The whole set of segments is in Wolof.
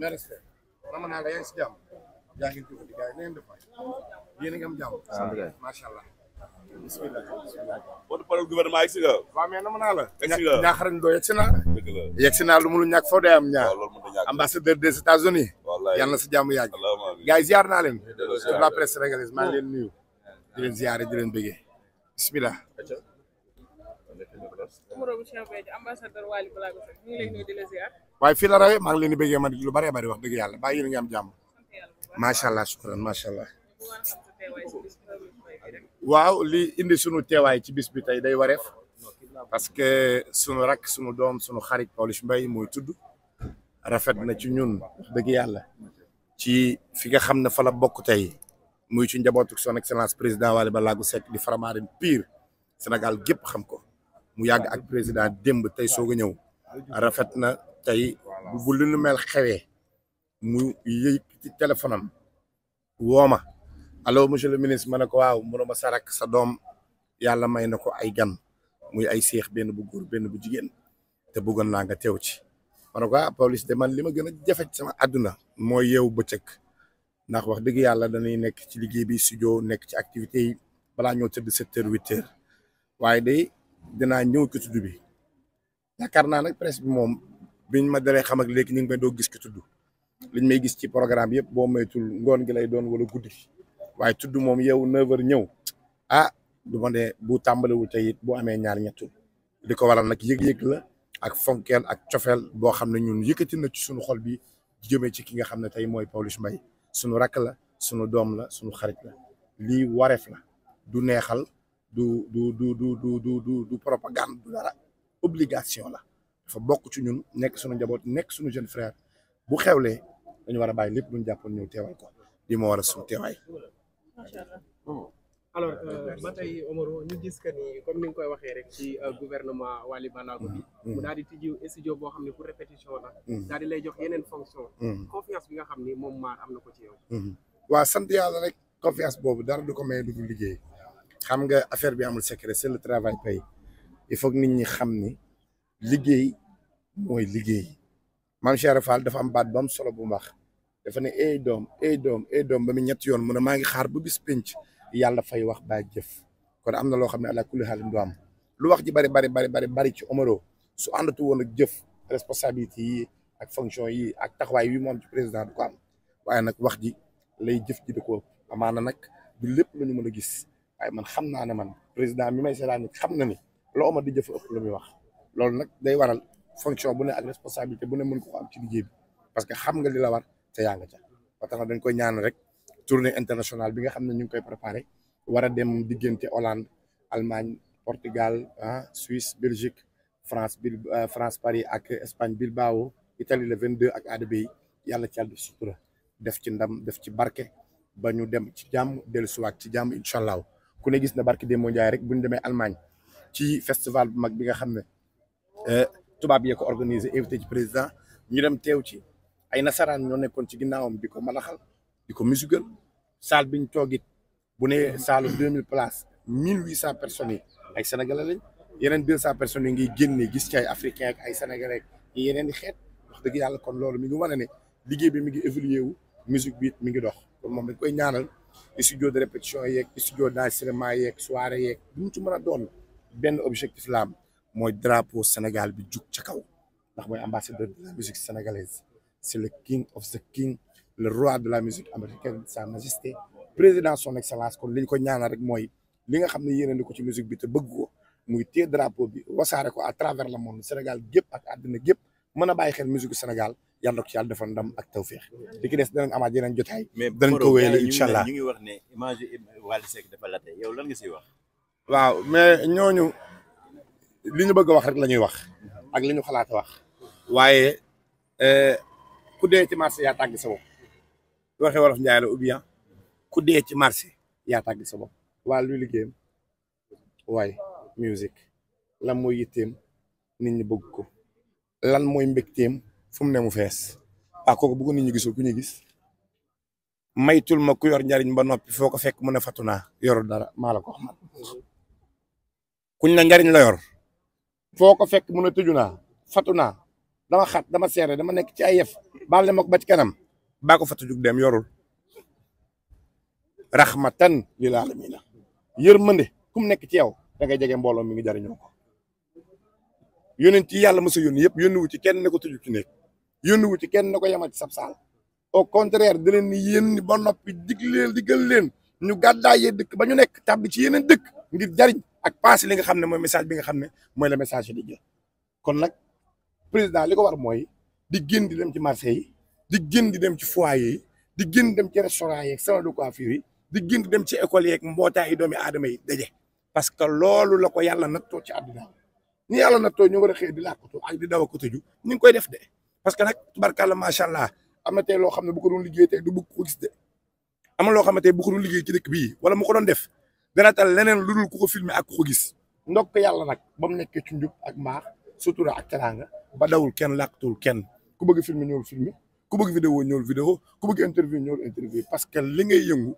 mais respect man naa la yaa ngi na ngeen def waay yéen a ngi am jàmm. macha allah. bisimilah bisimilah. boo paree gouvernement yegg lu mu lu ñàkk foo am ñaar. ambassadeur des États-Unis. wallaay na si jàmm yàgg. gars naa leen. sur la presse sénégalaise maa leen nuyu. di leen ziare di leen waaye fii la rawee maa ngi leen di bëggee man lu bëree bëri wax dëgg yàlla bàyyi la ñu am jàmm macha allah shukran macha allah waaw li indi sunu teewaay ci bis bi tey day wareef parce que sunu rakk sunu doom sunu xarit Pawlish mbay mooy tudd rafet na ci ñun dëgg yàlla ci fi nga xam ne fa la bokk tey muy ci njabootu son excellence président wale Wally Ballago Seck di Faramareen piir Sénégal gépp xam ko mu yàgg ak président démb tey soog a ñëw rafet tey bu lu mel xewe mu yëy ci téléphone am woo ma allo monsieur le ministre ma ne ko waaw mënuma sa rakk sa doom yàlla may na ko ay gan muy ay seex benn bu góor benn bu jigéen te bëggoon naa tew ci ma ko ah police de man li ma gën a jafe sama àdduna mooy yeewu bëccëg ndax wax dëgg yàlla dañuy nekk ci liggéey bi studio nekk ci activité yi balaa ñoo tëdd sept heures waaye de dinaa ñëw ci bi yaakaar naa nag presse bi biñ ma dalee xam ak léegi ñu ngi may doo gis ki tudd liñ may gis ci programme yëpp boo mayeetul ngoon gi lay doon wala guddi waaye tudd moom yow 9h ñëw ah du ma ne bu tàmbalewul tey it bu amee ñaar ñettu li ko waral nag yëg-yëg la ak fonkeel ak cofeel boo xam ne ñun yëkkati na ci suñu xol bi jëmee ci ki nga xam ne tey mooy Pawlish Mbaye suñu rakk la sunu doom la suñu xarit la lii wareef la du neexal du du du du du du du propagande du dara obligation la dafa bokk ci ñun nekk suñu njaboot nekk suñu jeune frère bu xewlee dañu war a bàyyi lépp lu ñu jàppoon ñu teewal ko di ma war a suñu teewaay. macha alors euh, ba tey Omaro ñu gis que comme ni nga koy waxee rek ci euh, gouvernement Waly Ballago bi. Mm. mu daal di boo xam ne pour répétition la. Mm. daal lay jox yeneen fonction mm. confiance bi nga xam ni moom maar am na ko ci yow. Mm-hmm. waa sant yàlla rek confiance boobu dara du ko may du liggéey xam nga affaire bi amul secret c'est le travail paye il faut nit ñi xam ni. liggéey mooy liggéey maam Cheikh Fall dafa am baat bu solo bu mu dafa ne ay doom ay doom ay doom ba mu ñetti yoon mu ne maa ngi xaar ba bis penc yàlla fay wax ba jëf kon am na loo xam ne ala kulli xaalim du am lu wax ji bari bari bari bari bari ci Omaro su àndatu woon ak jëf responsabilité yi ak fonction yi ak taxawaay yi moom ci président du ko am waaye nag wax ji lay jëf ji da ko amaana nag du lépp lu ñu mën a gis waaye man xam naa ne man président mi may seetaan xam na ni loo ma di jëf ëpp lu muy wax. loolu nag day waral fonction bu ne ak responsabilité bu ne mën ko am ci liggéey bi parce que xam nga di la war te yaa nga ca ba tax na dañ koy ñaan rek tournée internationale bi nga xam ne ñu ngi koy préparé war a dem diggante Hollande Allemagne Portugal ah Suisse Belgique France bil euh, France Paris ak Espagne Bilbao Italie vingt 22 ak ADBI yàlla ci yàlla def sutura def ci ndam def ci barke ba ñu dem ci jàmm dellusiwaat ci jàmm incha allah ku ne gis na barke Demba Ndiaye rek bu ñu demee Allemagne ci festival bu mag bi nga xam ne. Eh, tubaab yee ko organisé invité ci président ñu dem teew ci ay nasaraan ñoo nekkoon ci ginnaawam di ko malaxal di ko musigal salle bi ñu toogit bu ne salle deux mille places mille huit cent personnes yi ay sénégalais lañ yeneen deux cent personnes yi ngi génne gis ci ay africain ak ay sénégalais yi yeneen xeet wax dëgg yàlla kon loolu mi ngi wane ne liggéey bi mi ngi évolué wu musique bi mi ngi dox kon moom dañ koy ñaanal studio de répétition yeeg studio d'enregistrement yeeg soirée yeeg bu mu ci a doon benn objectif la am mooy drapeau Sénégal bi jug ca ndax mooy ambassadeur de la musique sénégalaise c'est le king of the king le roi de la musique américaine sa majesté président son excellence kon li mooy nga xam ne yéene ko ci musique bi te bëgg ko muy téye drapeau bi wasaare ko à travers le monde Sénégal gépp ak àddina gépp mën a bàyyi xel musique Sénégal yàlla ko ci yàlla defal ndam ak tawféex li ki des danañ amaat yeneen jotaay. danañ ko wéyale incha allah mais ñu ngi wax ne image Wally Seck dafa late yow lan ñooñu. li ñu bëgg a wax rek la ñuy wax ak li ñu xalaat wax waaye euh, ku dee ci marché yaa tàgg sa bopp wolof njaay la ou ku dee ci marché yaa tàgg sa bopp waa luy liggéeyam waaye musique lan mooy yitteem nit ñi bëgg ko lan mooy mbégteem fu ne mu fees waa kooku bëgg nit ñi gisul ku ñu gis maytul ma ku yor njariñ ba noppi foo ko fekk mu ne fatu naa yorul dara maa la ko kuñ na njariñ la yor foo ko fekk mun a tëju naa fatu naa dama xat dama seere dama nekk ci ay yëf baal ne ma ko ba ci kanam baa ko fatu jug dem yorul rahmatan lil alamina yërmande ku mu nekk ci yow da jege mbooloo mi ngi jariñoo ko yónent yi yàlla mos a yónni yëpp yónni ci kenn ne ko tëju ci nekk yónni wu ci kenn ne ko yemal ci sab saal au contraire da leen ni yéen ba noppi dig leen leen ñu gàddaayee dëkk ba ñu nekk tàbbi ci yeneen dëkk ngir jariñ ak passé li nga xam ne mooy message bi nga ne mooy la message di jël kon nag président li ko war mooy di génn di dem ci marché di génn di dem ci foyer yi di génn dem ci restaurant yeeg salon de coiffure yi di génn di dem ci école yeeg mbootaay yi doomi aadama yi daje parce que loolu la ko yàlla nattoo ci àdduna ñi yàlla nattoo ñu war a xëy di làkkatu ak di daw a kotaju koy def de parce que nag tubarkàlla macha allah am loo xam ne bu ko doon liggéey tey du bëgg am loo xam ne tey liggéey ci dëkk bii wala mu ko doon def dana tal leneen lu dul ku ko ak ku ko gis ndokk yàlla nag ba mu nekkee ci njub ak maax sutura ak teraanga ba dawul kenn làkkatul kenn ku bëgg filmer ñëwul filmer ku bëgg vidéo ñëwul vidéo ku bëgg interview ñëwul interview parce que li ngay yëngu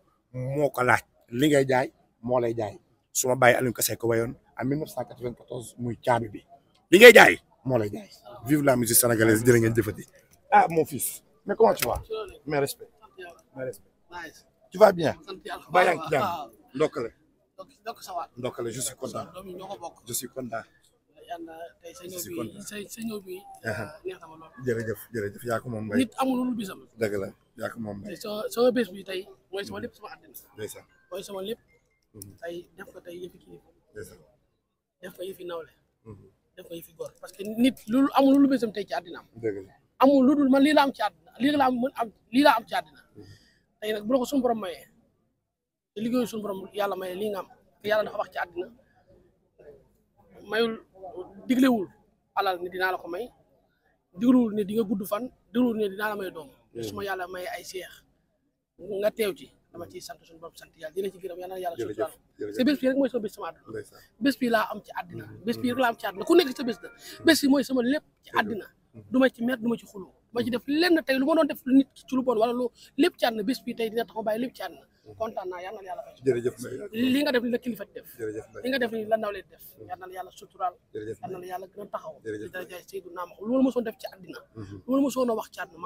moo ko laaj li ngay jaay moo lay jaay su ma bàyyi Aliou Kassé ko wayoon en 1994 muy caabi bi li ngay jaay moo lay jaay vive la musique sénégalaise jërë ngeen jëfati ah mon fils mais comment tu vas mes respects mes respects tu vas bien bàyyi donc donc ça va. je suis content. sa ñëw bi sa sa moom mbay. nit amul lu bisam. dëgg la yaa ko moom mbay. soo soo bés bi tey mooy sama lépp sama àddina. ndeysaan mooy sama lépp. Mhm. tey def ko tey nawle. def ko yëfi mhm. góor parce que nit lu amul lu bisam tey ci àddina am. lu dul man lii la am ci àddina lii la am lii mhm. la te liggéeyu suñu borom yàlla may li nga am yàlla dafa wax ci àddina mayul diglewul alal ne dinaa la ko may diglewul ne di nga gudd fan diglewul ne dinaa la may doom hmm. su yàlla may ay seex nga teew ci dama ciy sant suñu borom sant yàlla dina ci gërëm yàlla na yàlla suñu borom sa bi rek mooy sama bés sama àdduna bés bi laa am ci àddina hmm. bes bi hmm. rek laa am ci àddina ku nekk sa bés la bés bi mooy sama lépp ci àddina du ma ci mer du ma ci xuloo du ci def lenn tey lu ma doon def nit ci lu bon wala lu lépp ci àddina bés bi tey dina tax ma bàyyi lépp ci àddina kontaan naa yal na yàlla fay li nga def ni la kilifa di def li nga def ni la nawle di def yal na yàlla suturaal yal na yàlla gën a taxaw ci darajaay Seydou naa ma loolu mosoon def ci àddina mhm. loolu mosoon a wax ci àddina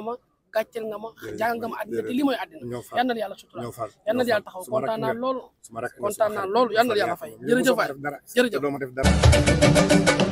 mhm. ma gàcceel nga ma jàngal nga ma àddina na yàlla suturaal yal yàlla taxaw kontaan naa loolu kontaan naa loolu yal na fay